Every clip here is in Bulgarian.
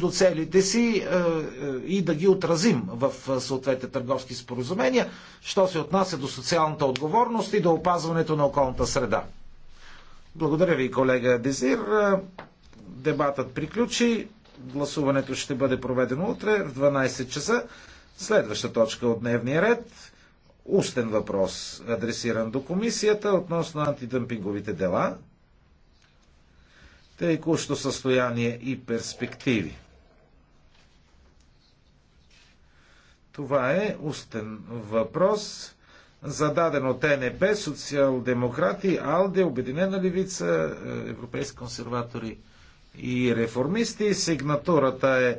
до целите си е, е, и да ги отразим в е, съответните търговски споразумения, що се отнася до социалната отговорност и до опазването на околната среда. Благодаря ви, колега Дезир. Дебатът приключи. Гласуването ще бъде проведено утре в 12 часа. Следваща точка от дневния ред устен въпрос, адресиран до комисията относно антидъмпинговите дела, текущо състояние и перспективи. Това е устен въпрос, зададен от ЕНП, социал-демократи, АЛДЕ, Обединена левица, е, европейски консерватори и реформисти. Сигнатурата е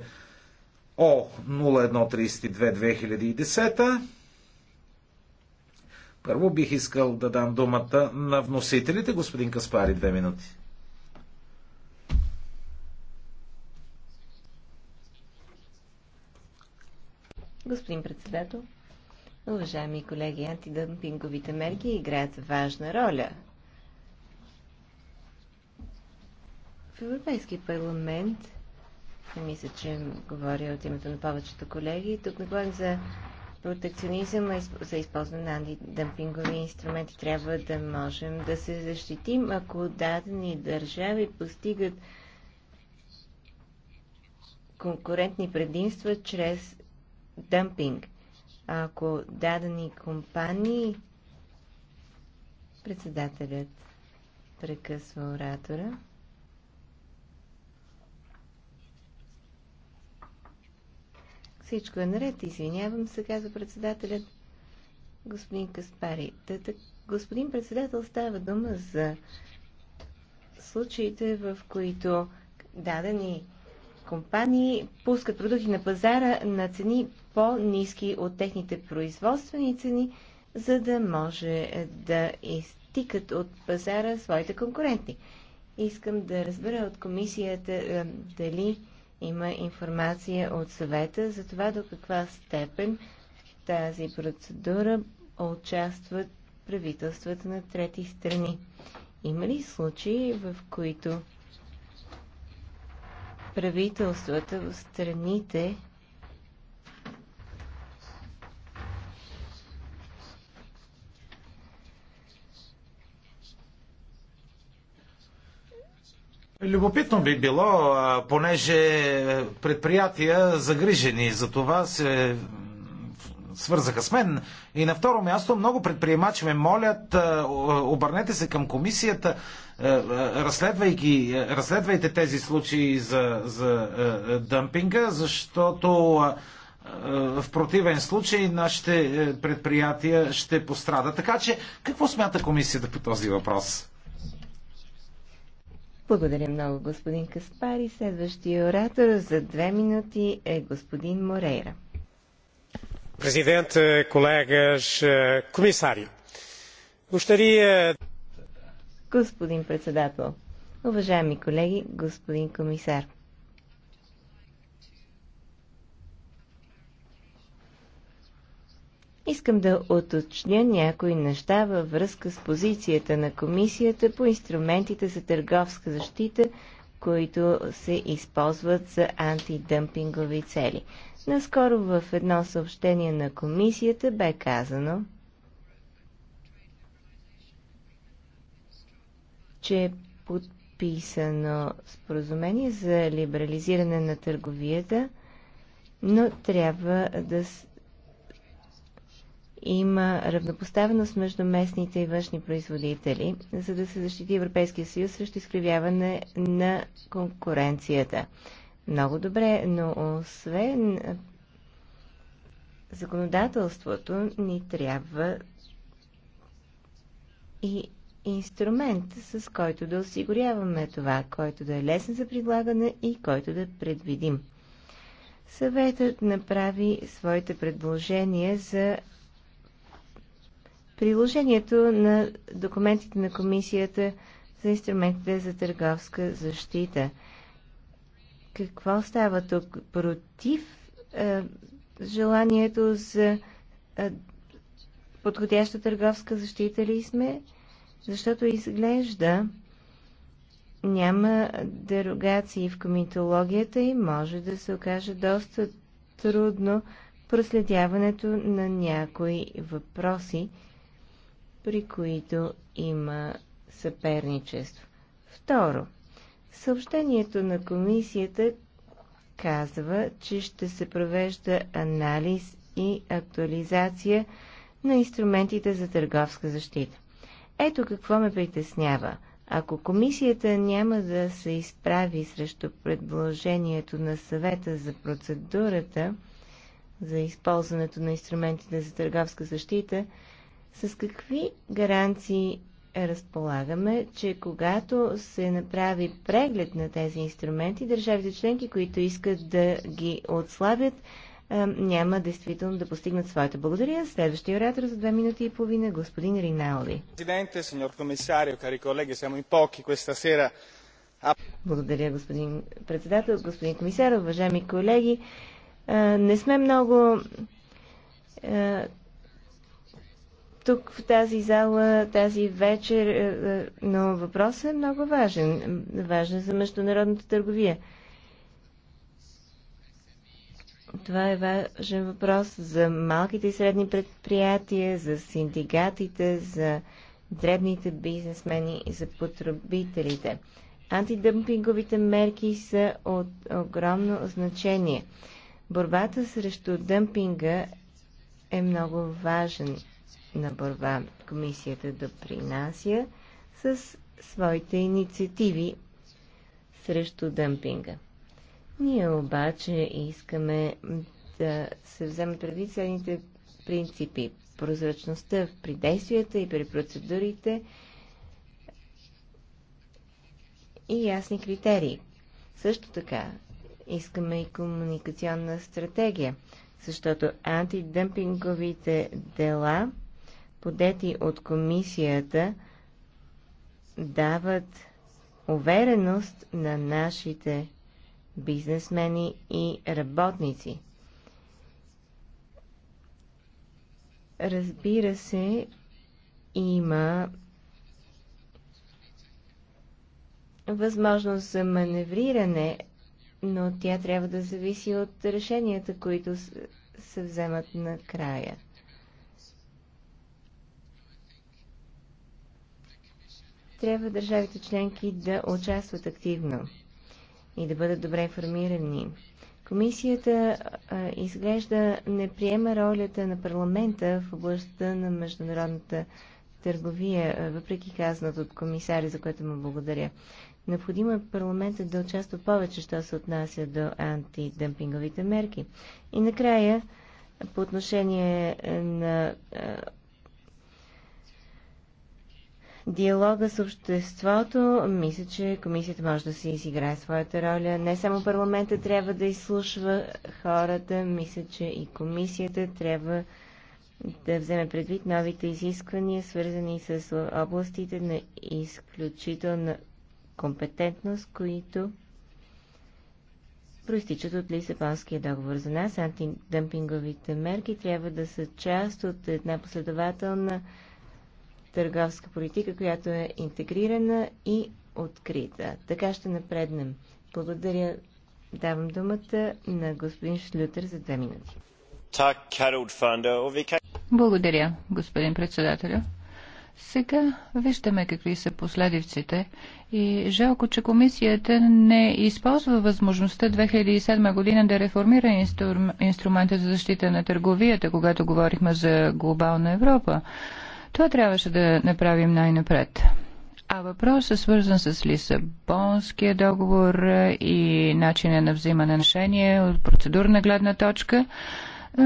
О0132-2010. Първо бих искал да дам думата на вносителите. Господин Каспари, две минути. Господин председател, уважаеми колеги, антидъмпинговите мерки играят важна роля. В Европейски парламент, не мисля, че говоря от името на повечето колеги, тук не говорим за протекционизъм, а за използване на антидъмпингови инструменти. Трябва да можем да се защитим, ако дадени държави постигат конкурентни предимства чрез дъмпинг. Ако дадени компании председателят прекъсва оратора. Всичко е наред, извинявам се, казва председателят господин Каспари. Тата, господин председател, става дума за случаите, в които дадени компании пускат продукти на пазара на цени по-низки от техните производствени цени, за да може е, да изтикат от пазара своите конкуренти. Искам да разбера от комисията е, дали има информация от съвета за това до каква степен в тази процедура участват правителствата на трети страни. Има ли случаи, в които правителствата в страните, Любопитно би било, понеже предприятия загрижени за това се свързаха с мен. И на второ място много предприемачи ме молят, обърнете се към комисията, разследвайки, разследвайте тези случаи за, за дъмпинга, защото в противен случай нашите предприятия ще пострадат. Така че, какво смята комисията по този въпрос? Благодаря много, господин Каспари. Следващия оратор за две минути е господин Морейра. Presidente, colegas, eh, comissário. Gostaria. Господин председател, уважаеми колеги, господин комисар. Искам да оточня някои неща във връзка с позицията на комисията по инструментите за търговска защита, които се използват за антидъмпингови цели. Наскоро в едно съобщение на комисията бе казано, че е подписано споразумение за либерализиране на търговията, но трябва да има равнопоставеност между местните и външни производители, за да се защити Европейския съюз срещу изкривяване на конкуренцията много добре, но освен законодателството ни трябва и инструмент, с който да осигуряваме това, който да е лесен за прилагане и който да предвидим. Съветът направи своите предложения за приложението на документите на комисията за инструментите за търговска защита – какво става тук? Против е, желанието за е, подходяща търговска защита ли сме? Защото изглежда няма дерогации в комитологията и може да се окаже доста трудно проследяването на някои въпроси, при които има съперничество. Второ, Съобщението на комисията казва, че ще се провежда анализ и актуализация на инструментите за търговска защита. Ето какво ме притеснява. Ако комисията няма да се изправи срещу предложението на съвета за процедурата за използването на инструментите за търговска защита, с какви гаранции разполагаме, че когато се направи преглед на тези инструменти, държавите членки, които искат да ги отслабят, няма действително да постигнат своята. Благодаря. Следващия оратор за две минути и половина, господин Риналди. Благодаря, господин председател, господин комисар, уважаеми колеги. Не сме много тук в тази зала тази вечер, е, е, но въпросът е много важен. Важен за международната търговия. Това е важен въпрос за малките и средни предприятия, за синдикатите, за дребните бизнесмени и за потребителите. Антидъмпинговите мерки са от огромно значение. Борбата срещу дъмпинга е много важен на борба комисията да принася с своите инициативи срещу дъмпинга. Ние обаче искаме да се вземат преди следните принципи. Прозрачността при действията и при процедурите и ясни критерии. Също така искаме и комуникационна стратегия, защото антидъмпинговите дела подети от комисията, дават увереност на нашите бизнесмени и работници. Разбира се, има възможност за маневриране, но тя трябва да зависи от решенията, които се вземат накрая. трябва държавите членки да участват активно и да бъдат добре информирани. Комисията а, изглежда не приема ролята на парламента в областта на международната търговия, въпреки казаното от комисари, за което му благодаря. Необходимо е парламентът да участва повече, що се отнася до антидъмпинговите мерки. И накрая, по отношение на диалога с обществото, мисля, че комисията може да се изиграе своята роля. Не само парламента трябва да изслушва хората, мисля, че и комисията трябва да вземе предвид новите изисквания, свързани с областите на изключителна компетентност, които проистичат от Лисабонския договор. За нас антидъмпинговите мерки трябва да са част от една последователна търговска политика, която е интегрирана и открита. Така ще напреднем. Благодаря. Давам думата на господин Шлютер за две минути. Благодаря, господин председател. Сега виждаме какви са последиците и жалко, че комисията не използва възможността 2007 година да реформира инстру... инструмента за защита на търговията, когато говорихме за глобална Европа. Това трябваше да направим най-напред. А въпросът е свързан с Лисабонския договор и начина на взимане на решение от процедурна гледна точка. Е,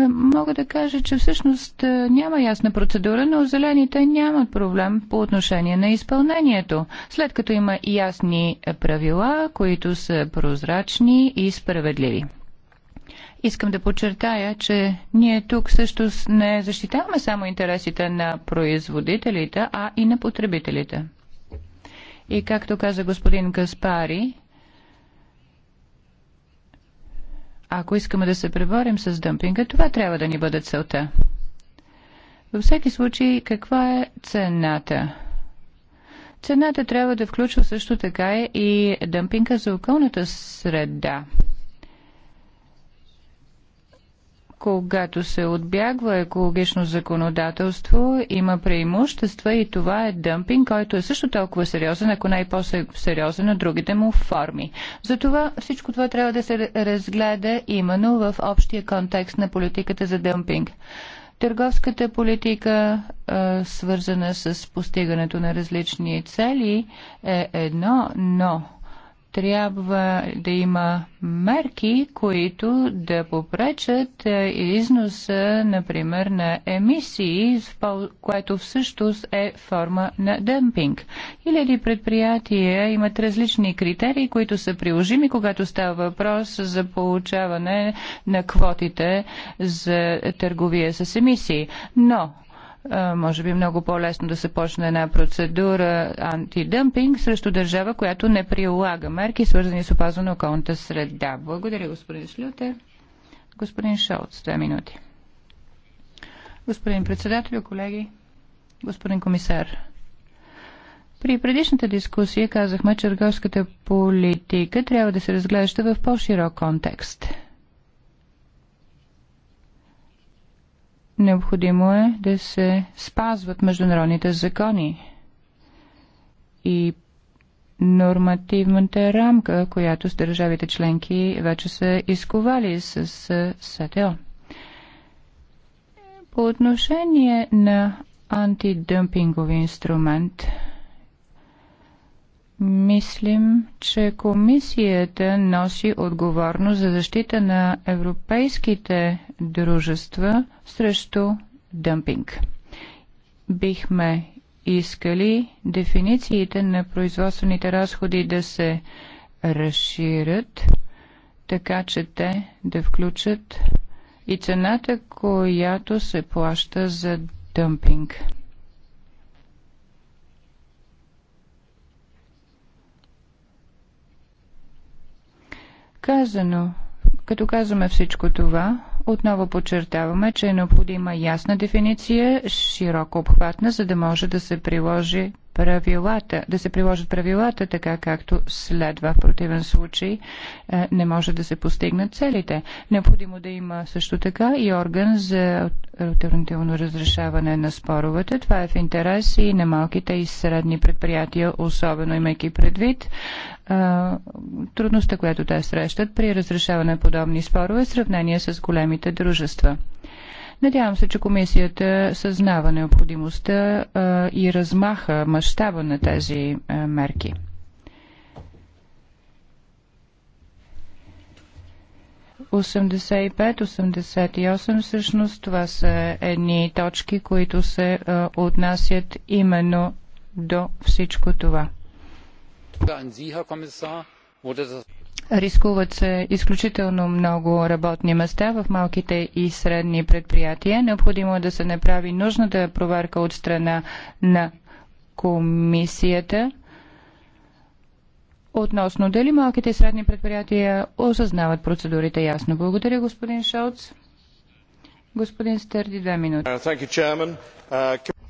мога да кажа, че всъщност е, няма ясна процедура, но зелените нямат проблем по отношение на изпълнението. След като има ясни правила, които са прозрачни и справедливи. Искам да подчертая, че ние тук също не защитаваме само интересите на производителите, а и на потребителите. И както каза господин Каспари, ако искаме да се преборим с дъмпинга, това трябва да ни бъде целта. Във всеки случай, каква е цената? Цената трябва да включва също така и дъмпинга за околната среда когато се отбягва екологично законодателство, има преимущества и това е дъмпинг, който е също толкова сериозен, ако не и по-сериозен от другите му форми. Затова всичко това трябва да се разгледа именно в общия контекст на политиката за дъмпинг. Търговската политика, свързана с постигането на различни цели, е едно, но трябва да има мерки, които да попречат е, износа, например, на емисии, което всъщност е форма на дъмпинг. Или предприятия имат различни критерии, които са приложими, когато става въпрос за получаване на квотите за търговия с емисии. Но може би е много по-лесно да се почне една процедура антидъмпинг срещу държава, която не прилага мерки, свързани с опазване на околната среда. Благодаря, господин Шлютер. Господин Шолц, две минути. Господин председател, колеги, господин комисар. При предишната дискусия казахме, че търговската политика трябва да се разглежда в по-широк контекст – Необходимо е да се спазват международните закони и нормативната рамка, която с държавите членки вече са изковали с СТО. По отношение на антидъмпингови инструмент – Мислим, че комисията носи отговорност за защита на европейските дружества срещу дъмпинг. Бихме искали дефинициите на производствените разходи да се разширят, така че те да включат и цената, която се плаща за дъмпинг. Казано, като казваме всичко това, отново подчертаваме, че е необходима ясна дефиниция, широко обхватна, за да може да се приложи правилата, да се приложат правилата така както следва. В противен случай е, не може да се постигнат целите. Необходимо да има също така и орган за альтернативно разрешаване на споровете. Това е в интерес и на малките и средни предприятия, особено имайки предвид е, трудността, която те срещат при разрешаване на подобни спорове в сравнение с големите дружества. Надявам се, че комисията съзнава необходимостта и размаха мащаба на тези мерки. 85, 88 всъщност това са едни точки, които се отнасят именно до всичко това. Рискуват се изключително много работни места в малките и средни предприятия. Необходимо е да се направи нужната проверка от страна на комисията относно дали малките и средни предприятия осъзнават процедурите ясно. Благодаря, господин Шолц. Господин Стърди, две минути.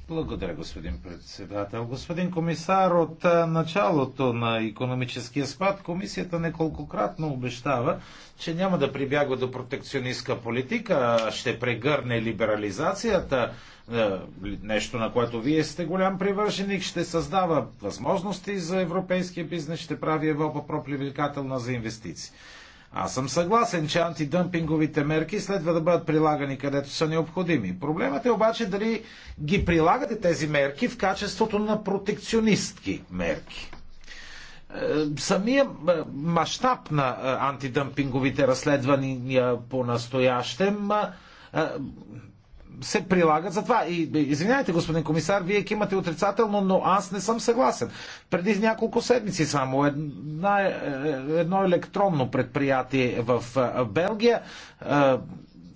Благодаря, господин председател. Господин комисар, от началото на економическия спад комисията неколкократно обещава, че няма да прибягва до протекционистка политика, ще прегърне либерализацията, нещо на което вие сте голям привърженик, ще създава възможности за европейския бизнес, ще прави Европа пропривлекателна за инвестиции. Аз съм съгласен, че антидъмпинговите мерки следва да бъдат прилагани където са необходими. Проблемът е обаче дали ги прилагате тези мерки в качеството на протекционистки мерки. Е, самия е, мащаб на е, антидъмпинговите разследвания по настоящем се прилагат. за това. и, извиняйте, господин комисар, вие имате отрицателно, но аз не съм съгласен. Преди няколко седмици само една, е, едно електронно предприятие в е, Белгия е,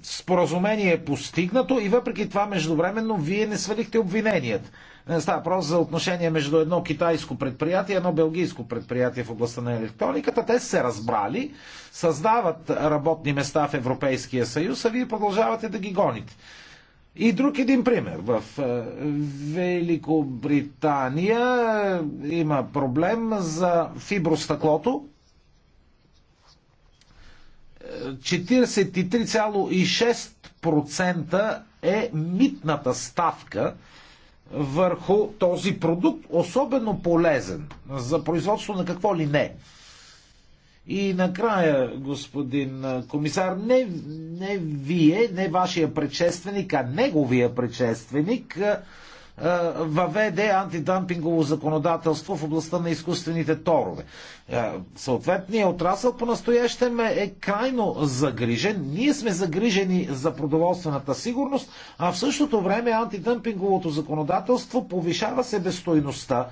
споразумение е постигнато и въпреки това междувременно вие не свалихте обвиненият. Става въпрос за отношение между едно китайско предприятие и едно белгийско предприятие в областта на електрониката. Те се разбрали, създават работни места в Европейския съюз, а вие продължавате да ги гоните. И друг един пример. В е, Великобритания е, има проблем за фибростъклото. 43,6% е, е митната ставка върху този продукт, особено полезен за производство на какво ли не. И накрая, господин комисар, не, не вие, не вашия предшественик, а неговия предшественик въведе антидампингово законодателство в областта на изкуствените торове. Съответният отрасъл по-настоящем е, е крайно загрижен. Ние сме загрижени за продоволствената сигурност, а в същото време антидъмпинговото законодателство повишава себестойността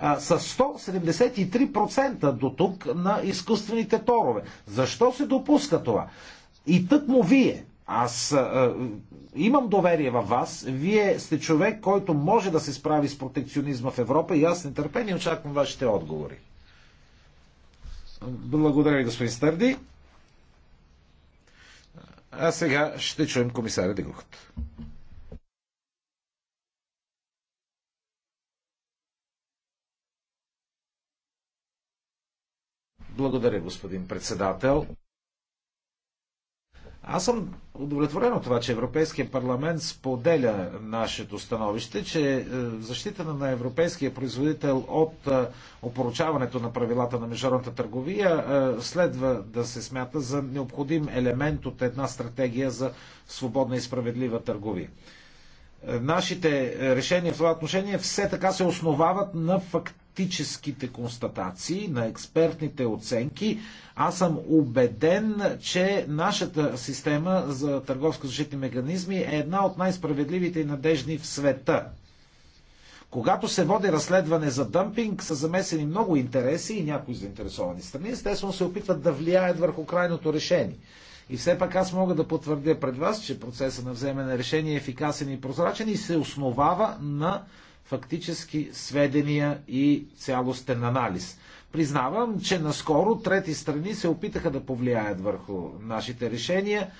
с 173% до тук на изкуствените торове. Защо се допуска това? И тък му вие, аз а, имам доверие във вас. Вие сте човек, който може да се справи с протекционизма в Европа и аз с нетърпение очаквам вашите отговори. Благодаря ви, господин Стърди. А сега ще чуем комисаря Дегухът. Благодаря, господин председател. Аз съм удовлетворен от това, че Европейския парламент споделя нашето становище, че е, защита на европейския производител от е, опоручаването на правилата на международната търговия е, следва да се смята за необходим елемент от една стратегия за свободна и справедлива търговия. Нашите решения в това отношение все така се основават на факт фактическите констатации, на експертните оценки, аз съм убеден, че нашата система за търговско-защитни механизми е една от най-справедливите и надежни в света. Когато се води разследване за дъмпинг, са замесени много интереси и някои заинтересовани страни, естествено се опитват да влияят върху крайното решение. И все пак аз мога да потвърдя пред вас, че процесът на вземане на решение е ефикасен и прозрачен и се основава на фактически сведения и цялостен анализ. Признавам, че наскоро трети страни се опитаха да повлияят върху нашите решения,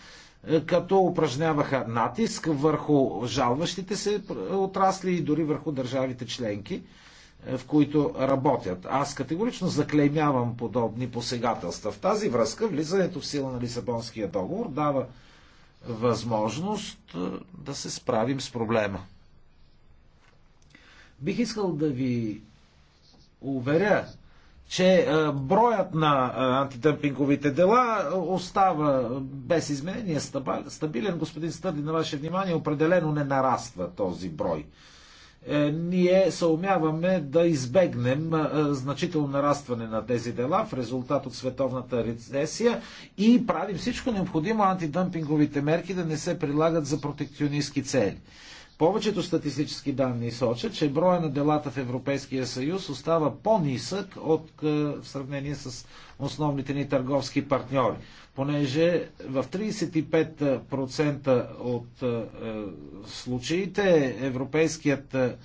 е, като упражняваха натиск върху жалващите се отрасли и дори върху държавите членки, е, в които работят. Аз категорично заклеймявам подобни посегателства. В тази връзка влизането в сила на Лисабонския договор дава възможност е, да се справим с проблема. Бих искал да ви уверя, че броят на антидъмпинговите дела остава без изменение стабилен. Господин Стърди, на ваше внимание, определено не нараства този брой. Е, ние съумяваме да избегнем значително нарастване на тези дела в резултат от световната рецесия и правим всичко необходимо антидъмпинговите мерки да не се прилагат за протекционистски цели. Повечето статистически данни сочат, че броя на делата в Европейския съюз остава по-нисък от е, в сравнение с основните ни търговски партньори, понеже в 35% от е, е, случаите европейският е, е,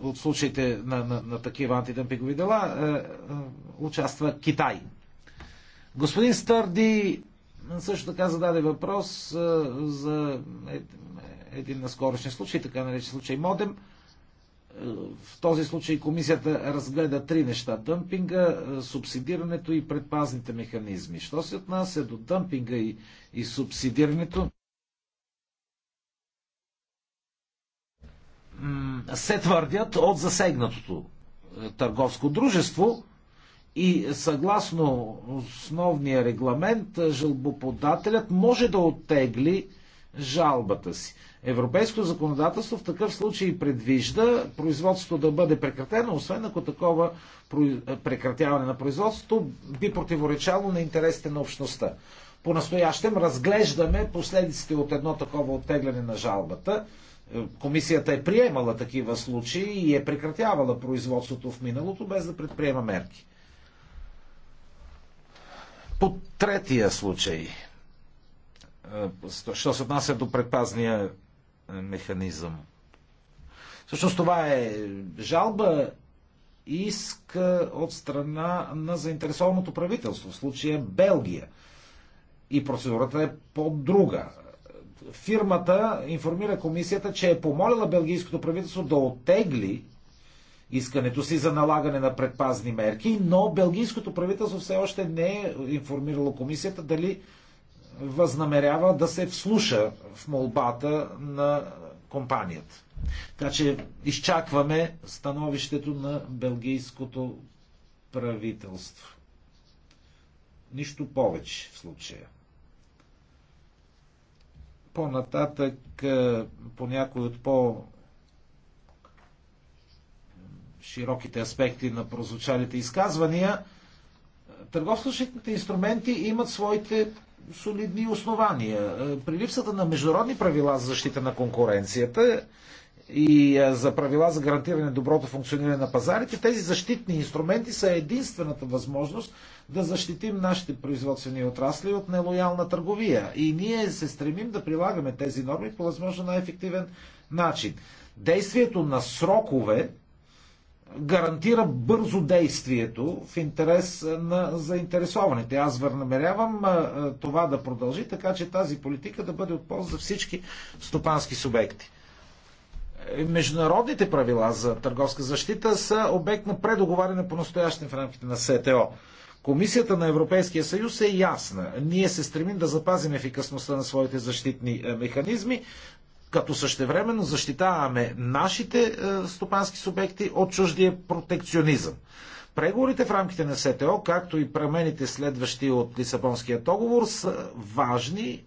от случаите на, на, на такива антидъмпингови дела е, участва Китай. Господин Стърди също така зададе въпрос за един наскорошен случай, така наречен случай Модем. Е, в този случай комисията разгледа три неща. Дъмпинга, е, субсидирането и предпазните механизми. Що се отнася до дъмпинга и, и субсидирането? Се твърдят от засегнатото е, търговско дружество, и съгласно основния регламент, жалбоподателят може да оттегли жалбата си. Европейското законодателство в такъв случай предвижда производството да бъде прекратено, освен ако такова прекратяване на производството би противоречало на интересите на общността. По-настоящем разглеждаме последиците от едно такова оттегляне на жалбата. Комисията е приемала такива случаи и е прекратявала производството в миналото, без да предприема мерки. По третия случай, е, що се отнася до предпазния механизъм. Всъщност това е жалба иск от страна на заинтересованото правителство, в случая Белгия. И процедурата е по-друга. Фирмата информира комисията, че е помолила белгийското правителство да отегли искането си за налагане на предпазни мерки, но белгийското правителство все още не е информирало комисията дали възнамерява да се вслуша в молбата на компанията. Така че изчакваме становището на белгийското правителство. Нищо повече в случая. По-нататък, е, по някои от по широките аспекти на прозвучалите изказвания, търговско инструменти имат своите солидни основания. Е, при липсата на международни правила за защита на конкуренцията и е, за правила за гарантиране доброто функциониране на пазарите, тези защитни инструменти са единствената възможност да защитим нашите производствени отрасли от нелоялна търговия. И ние се стремим да прилагаме тези норми по възможно най-ефективен начин. Действието на срокове гарантира бързо действието в интерес на заинтересованите. Аз върнамерявам това да продължи, така че тази политика да бъде от полза за всички стопански субекти. Е, международните правила за търговска защита са обект на предоговаряне по настоящен в рамките на СТО. Комисията на Европейския съюз е ясна. Ние се стремим да запазим ефикасността на своите защитни е, механизми, като същевременно защитаваме нашите е, стопански субекти от чуждия протекционизъм. Преговорите в рамките на СТО, както и промените следващи от Лисабонския договор, са важни, е,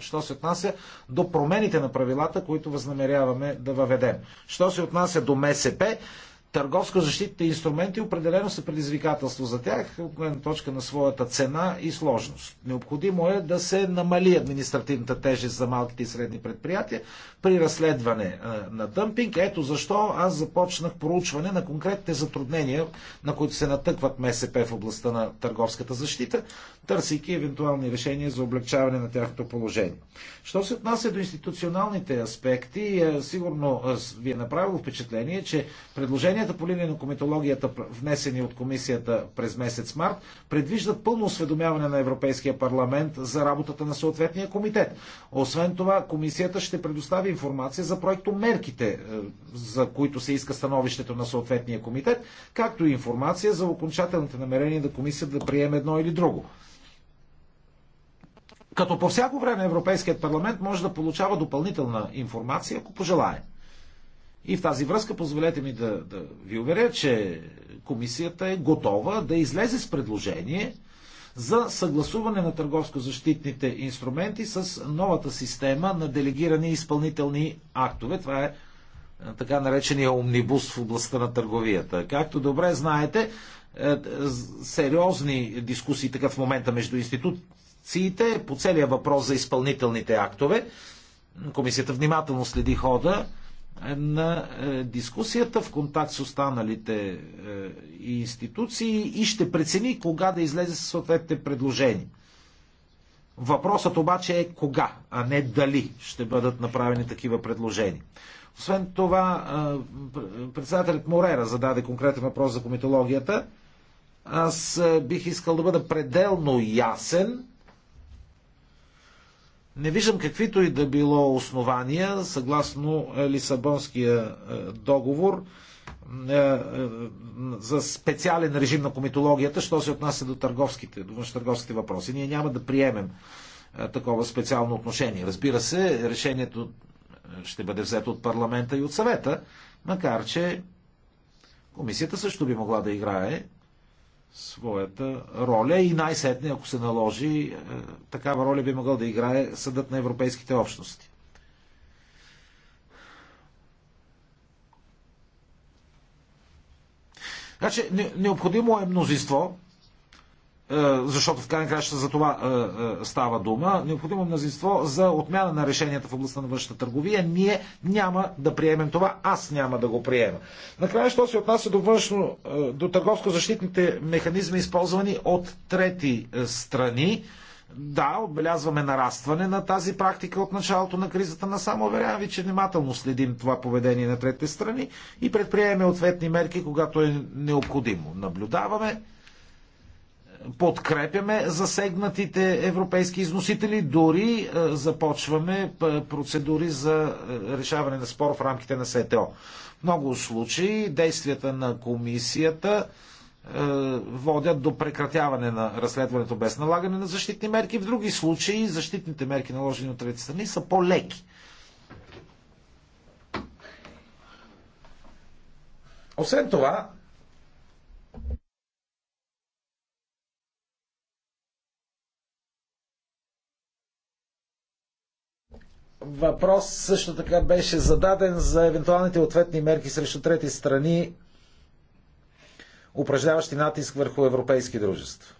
що се отнася до промените на правилата, които възнамеряваме да въведем. Що се отнася до МСП, търговско-защитните инструменти определено са предизвикателство за тях, от гледна точка на своята цена и сложност. Необходимо е да се намали административната тежест за малките и средни предприятия при разследване е, на дъмпинг. Ето защо аз започнах проучване на конкретните затруднения, на които се натъкват МСП в областта на търговската защита, търсейки евентуални решения за облегчаване на тяхното положение. Що се отнася до институционалните аспекти, е, сигурно е, ви е направило впечатление, че предложението измененията по линия на кометологията, внесени от комисията през месец март, предвиждат пълно осведомяване на Европейския парламент за работата на съответния комитет. Освен това, комисията ще предостави информация за проектомерките, е, за които се иска становището на съответния комитет, както и информация за окончателните намерения на да комисията да приеме едно или друго. Като по всяко време Европейският парламент може да получава допълнителна информация, ако пожелае. И в тази връзка позволете ми да, да ви уверя, че комисията е готова да излезе с предложение за съгласуване на търговско-защитните инструменти с новата система на делегирани изпълнителни актове. Това е, е така наречения омнибус в областта на търговията. Както добре знаете, е, сериозни дискусии така в момента между институциите по целия въпрос за изпълнителните актове. Комисията внимателно следи хода на е, дискусията в контакт с останалите е, институции и ще прецени кога да излезе със съответните предложения. Въпросът обаче е кога, а не дали ще бъдат направени такива предложения. Освен това, е, председателят Морера зададе конкретен въпрос за комитологията. Аз бих искал да бъда пределно ясен не виждам каквито и да било основания, съгласно е, Лисабонския е, договор, е, за специален режим на комитологията, що се отнася до търговските, до търговските въпроси. Ние няма да приемем такова специално отношение. Разбира се, решението ще бъде взето от парламента и от съвета, макар че комисията също би могла да играе своята роля и най-сетне, ако се наложи, е, такава роля би могъл да играе Съдът на Европейските общности. Така значи, че необходимо е мнозинство, е, защото в крайна краща за това е, е, става дума, необходимо мнозинство за отмяна на решенията в областта на външната търговия. Ние няма да приемем това, аз няма да го приема. Накрая, що се отнася до външно, до търговско-защитните механизми, използвани от трети страни, да, отбелязваме нарастване на тази практика от началото на кризата на само. Уверявам ви, че внимателно следим това поведение на трети страни и предприемаме ответни мерки, когато е необходимо. Наблюдаваме, подкрепяме засегнатите европейски износители, дори е, започваме е, процедури за е, решаване на спор в рамките на СТО. В много случаи действията на комисията водят до прекратяване на разследването без налагане на защитни мерки. В други случаи защитните мерки, наложени от трети страни, са по-леки. Освен това, Въпрос също така беше зададен за евентуалните ответни мерки срещу трети страни, упражняващи натиск върху европейски дружества.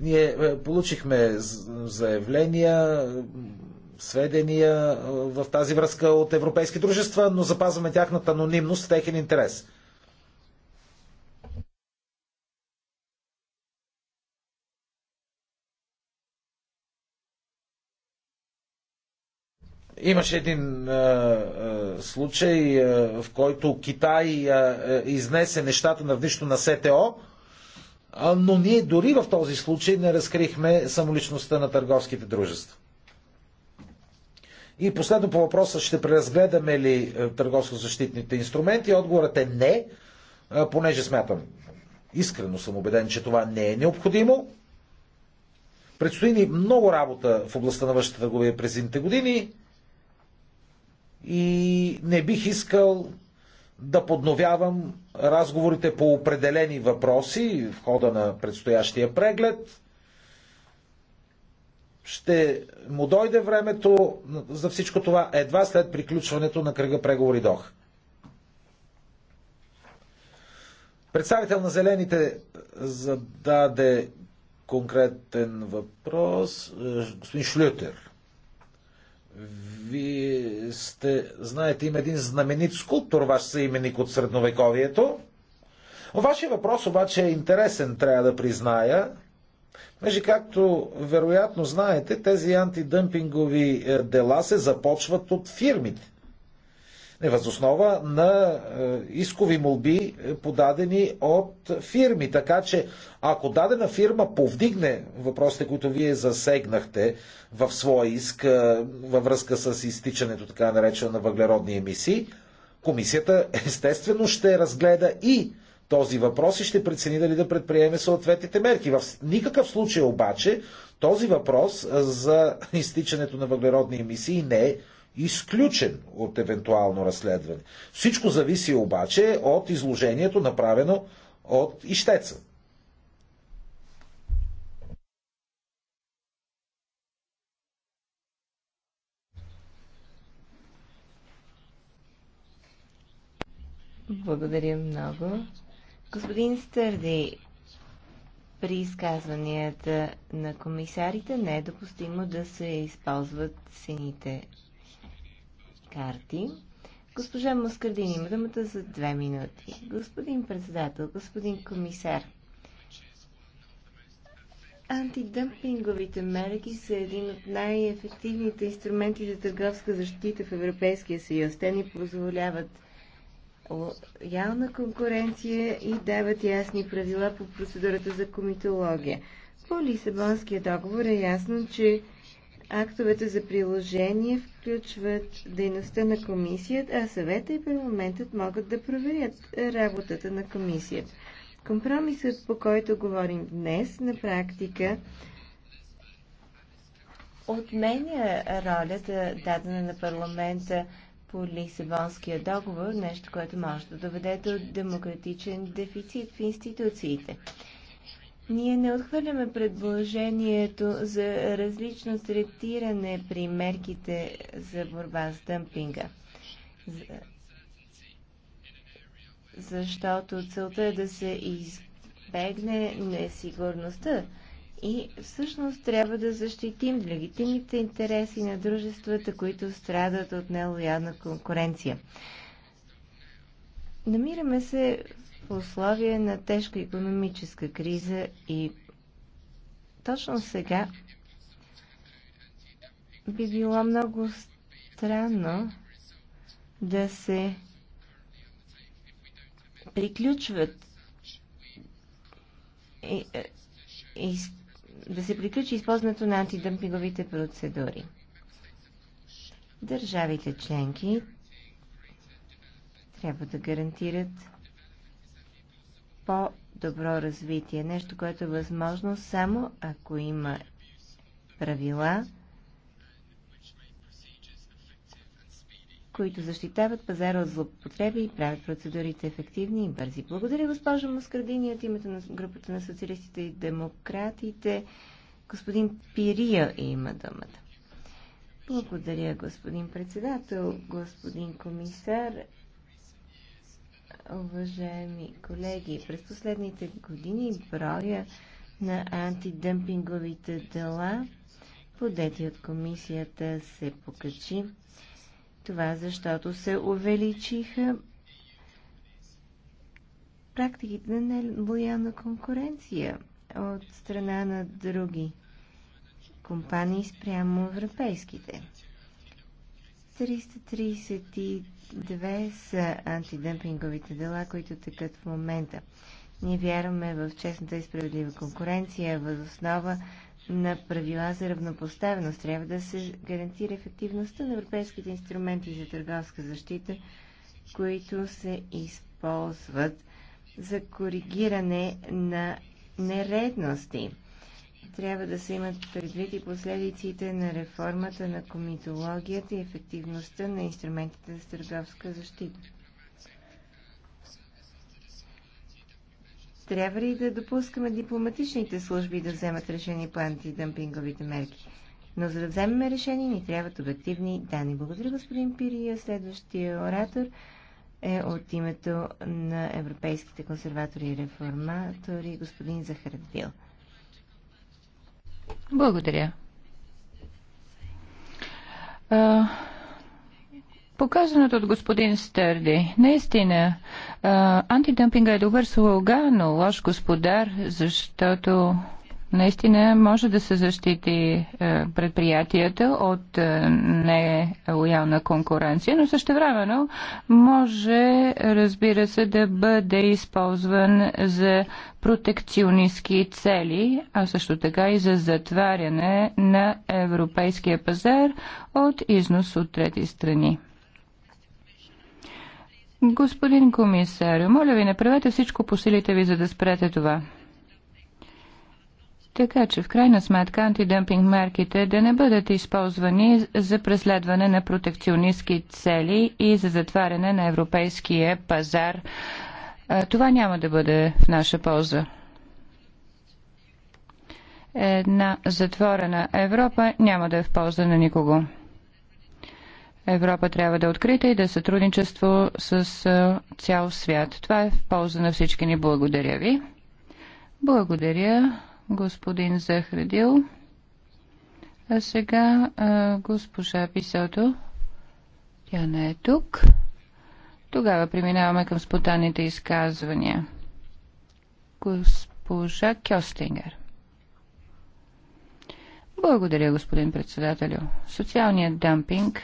Ние е, получихме заявления, сведения е, в тази връзка от европейски дружества, но запазваме тяхната анонимност, техен интерес. Имаше един а, а, случай, а, в който Китай а, а, изнесе нещата на нищо на СТО, а, но ние дори в този случай не разкрихме самоличността на търговските дружества. И последно по въпроса, ще преразгледаме ли търговско-защитните инструменти? Отговорът е не, понеже смятам, искрено съм убеден, че това не е необходимо. Предстои ни много работа в областта на външната търговия през едните години и не бих искал да подновявам разговорите по определени въпроси в хода на предстоящия преглед. Ще му дойде времето за всичко това едва след приключването на кръга преговори ДОХ. Представител на Зелените зададе конкретен въпрос е, господин Шлютер. Вие сте, знаете, има един знаменит скулптор, ваш съименник от средновековието. Вашия въпрос обаче е интересен, трябва да призная. Между както вероятно знаете, тези антидъмпингови е, дела се започват от фирмите. Е възоснова на е, искови молби, е, подадени от фирми. Така че, ако дадена фирма повдигне въпросите, които вие засегнахте в своя иск във връзка с изтичането, така наречено, на въглеродни емисии, комисията естествено ще разгледа и този въпрос и ще прецени дали да предприеме съответните мерки. В никакъв случай обаче този въпрос за изтичането на въглеродни емисии не е изключен от евентуално разследване. Всичко зависи обаче от изложението, направено от ищеца. Благодаря много. Господин Стърди, при изказванията на комисарите не е допустимо да се използват сините карти. Госпожа Маскардин има думата за две минути. Господин председател, господин комисар, антидъмпинговите мерки са един от най-ефективните инструменти за търговска защита в Европейския съюз. Те ни позволяват лоялна конкуренция и дават ясни правила по процедурата за комитология. По Лисабонския договор е ясно, че Актовете за приложение включват дейността на комисията, а съвета и парламентът могат да проверят работата на комисията. Компромисът, по който говорим днес, на практика отменя ролята дадена на парламента по Лисабонския договор, нещо, което може да доведе до демократичен дефицит в институциите. Ние не отхвърляме предложението за различно третиране при мерките за борба с дъмпинга. Защото целта е да се избегне несигурността и всъщност трябва да защитим легитимните интереси на дружествата, които страдат от нелоялна конкуренция. Намираме се в условия на тежка економическа криза и точно сега би било много странно да се приключват и, е, и, да се приключи използването на антидъмпинговите процедури. Държавите членки трябва да гарантират по-добро развитие. Нещо, което е възможно само ако има правила, които защитават пазара от злоупотреби и правят процедурите ефективни и бързи. Благодаря, госпожа Маскардини, от името на групата на социалистите и демократите. Господин Пирия има думата. Благодаря, господин председател, господин комисар уважаеми колеги. През последните години броя на антидъмпинговите дела, подети от комисията, се покачи. Това защото се увеличиха практиките на нелоялна конкуренция от страна на други компании спрямо европейските. 332 са антидъмпинговите дела, които тъкат в момента. Ние вярваме в честната и справедлива конкуренция, въз основа на правила за равнопоставеност. Трябва да се гарантира ефективността на европейските инструменти за търговска защита, които се използват за коригиране на нередности трябва да се имат предвид и последиците на реформата на комитологията и ефективността на инструментите за търговска защита. Трябва ли да допускаме дипломатичните служби да вземат решение по антидъмпинговите мерки? Но за да вземем решение, ни трябват обективни данни. Благодаря, господин Пирия. Следващия оратор е от името на европейските консерватори и реформатори, господин Захарадил. Благодаря. А, показаното от господин Стърди, наистина, а, антидъмпинга е добър слуга, но лош господар, защото наистина може да се защити е, предприятията от е, нелоялна конкуренция, но същевременно може, разбира се, да бъде използван за протекционистски цели, а също така и за затваряне на европейския пазар от износ от трети страни. Господин комисар, моля ви, направете всичко по силите ви, за да спрете това. Така че в крайна сметка антидъмпинг мерките да не бъдат използвани за преследване на протекционистски цели и за затваряне на европейския пазар. Това няма да бъде в наша полза. Една затворена Европа няма да е в полза на никого. Европа трябва да е открита и да е сътрудничество с цял свят. Това е в полза на всички ни. Благодаря ви. Благодаря господин Захредил. А сега а, госпожа Писото. Тя не е тук. Тогава преминаваме към спонтанните изказвания. Госпожа Кьостингер. Благодаря, господин председателю. Социалният дампинг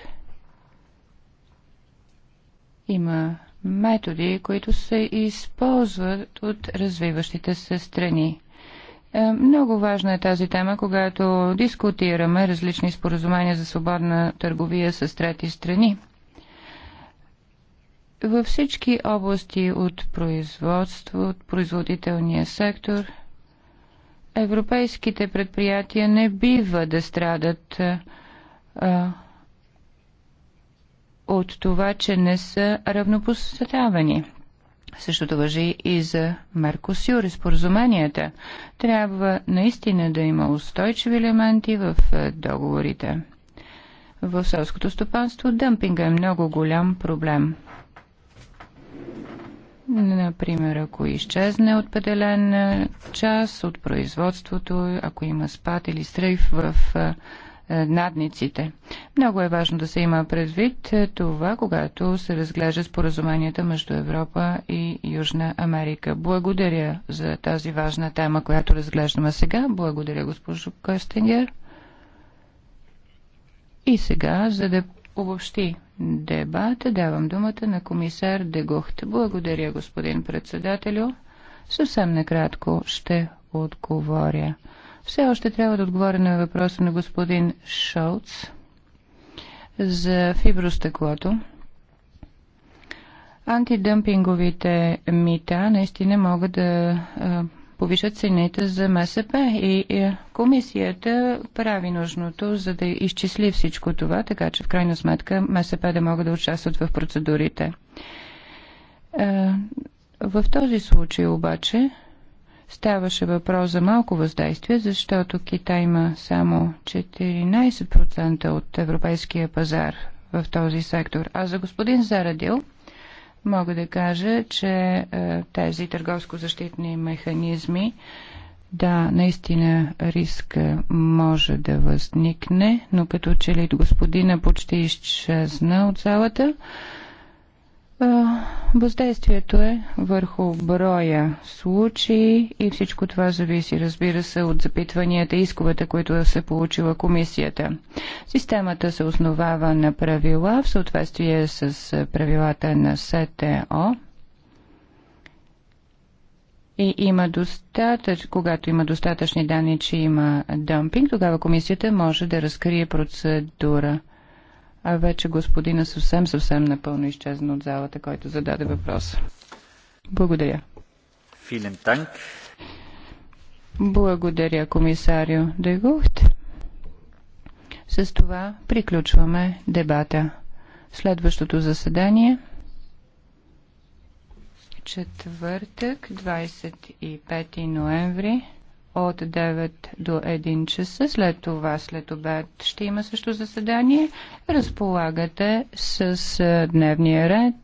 има методи, които се използват от развиващите се страни. Е, много важна е тази тема, когато дискутираме различни споразумения за свободна търговия с трети страни. Във всички области от производство, от производителния сектор, европейските предприятия не бива да страдат а, е, е, от това, че не са равнопоставени. Същото въжи и за Меркосюр и споразуменията. Трябва наистина да има устойчиви елементи в е, договорите. В селското стопанство дъмпинга е много голям проблем. Например, ако изчезне определен е, час от производството, ако има спад или срив в е, е, надниците. Много е важно да се има предвид е, това, когато се разглежда споразуменията между Европа и Южна Америка. Благодаря за тази важна тема, която разглеждаме сега. Благодаря, госпожо Костенгер. И сега, за да обобщи дебата, давам думата на комисар Дегухт. Благодаря, господин председателю. Съвсем накратко ще отговоря. Все още трябва да отговоря на въпроса на господин Шолц за фибростъклото. Антидъмпинговите мита наистина могат да повишат цените за МСП и комисията прави нужното, за да изчисли всичко това, така че в крайна сметка МСП да могат да участват в процедурите. В този случай обаче Ставаше въпрос за малко въздействие, защото Китай има само 14% от европейския пазар в този сектор. А за господин Зарадил мога да кажа, че е, тези търговско-защитни механизми да, наистина риск може да възникне, но като че ли господина почти изчезна от залата, Въздействието е върху броя случаи и всичко това зависи, разбира се, от запитванията и исковете, които се получила комисията. Системата се основава на правила в съответствие с правилата на СТО и има достатъч, когато има достатъчни данни, че има дъмпинг, тогава комисията може да разкрие процедура – а вече господина съвсем, съвсем напълно изчезна от залата, който зададе въпроса. Благодаря. Филен танк. Благодаря, комисарио Дегухт. С това приключваме дебата. Следващото заседание четвъртък, 25 ноември от 9 до 1 часа. След това, след обед, ще има също заседание. Разполагате с дневния ред.